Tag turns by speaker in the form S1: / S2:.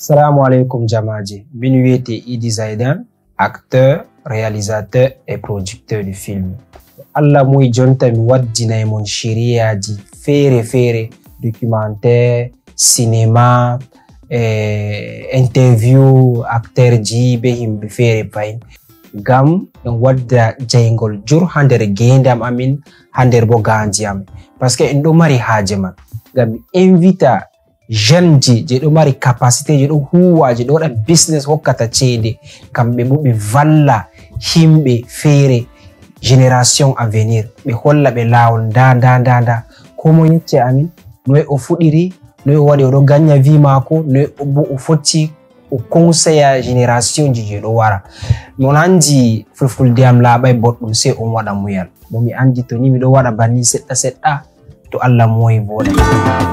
S1: salamu aleykum jamaji min wiyete idi zaidan acteur réalisateur et producteur du film allah muy jonta mi waddinaymon shériyaji feere feere documentaire cinéma e interview acteur ji be himɓe feere payn ngam en wadda jeygol jur ha nder gendam amin ha nder bo gandiyam par ce que en ɗo mari haaje man ngam mi invita jeneji je ɗo mari capacité je ɗo huwaji ɗo waɗa business hokkata ceede kamɓe bo ɓe valla himɓe feere génération à venir ɓe holla ɓe laawol nda nda nda nda komo yecce amin noy o fuɗiri noy o waɗi oɗo gagna vi maako noy bo o fotti o conseille génération ji je ɗo wara mon andi fulfulde am laaɓay boɗɗum sey on waɗa muyal bo mi andi to ni miɗo waɗa banni seɗɗa seɗɗa to allah mowi boɗa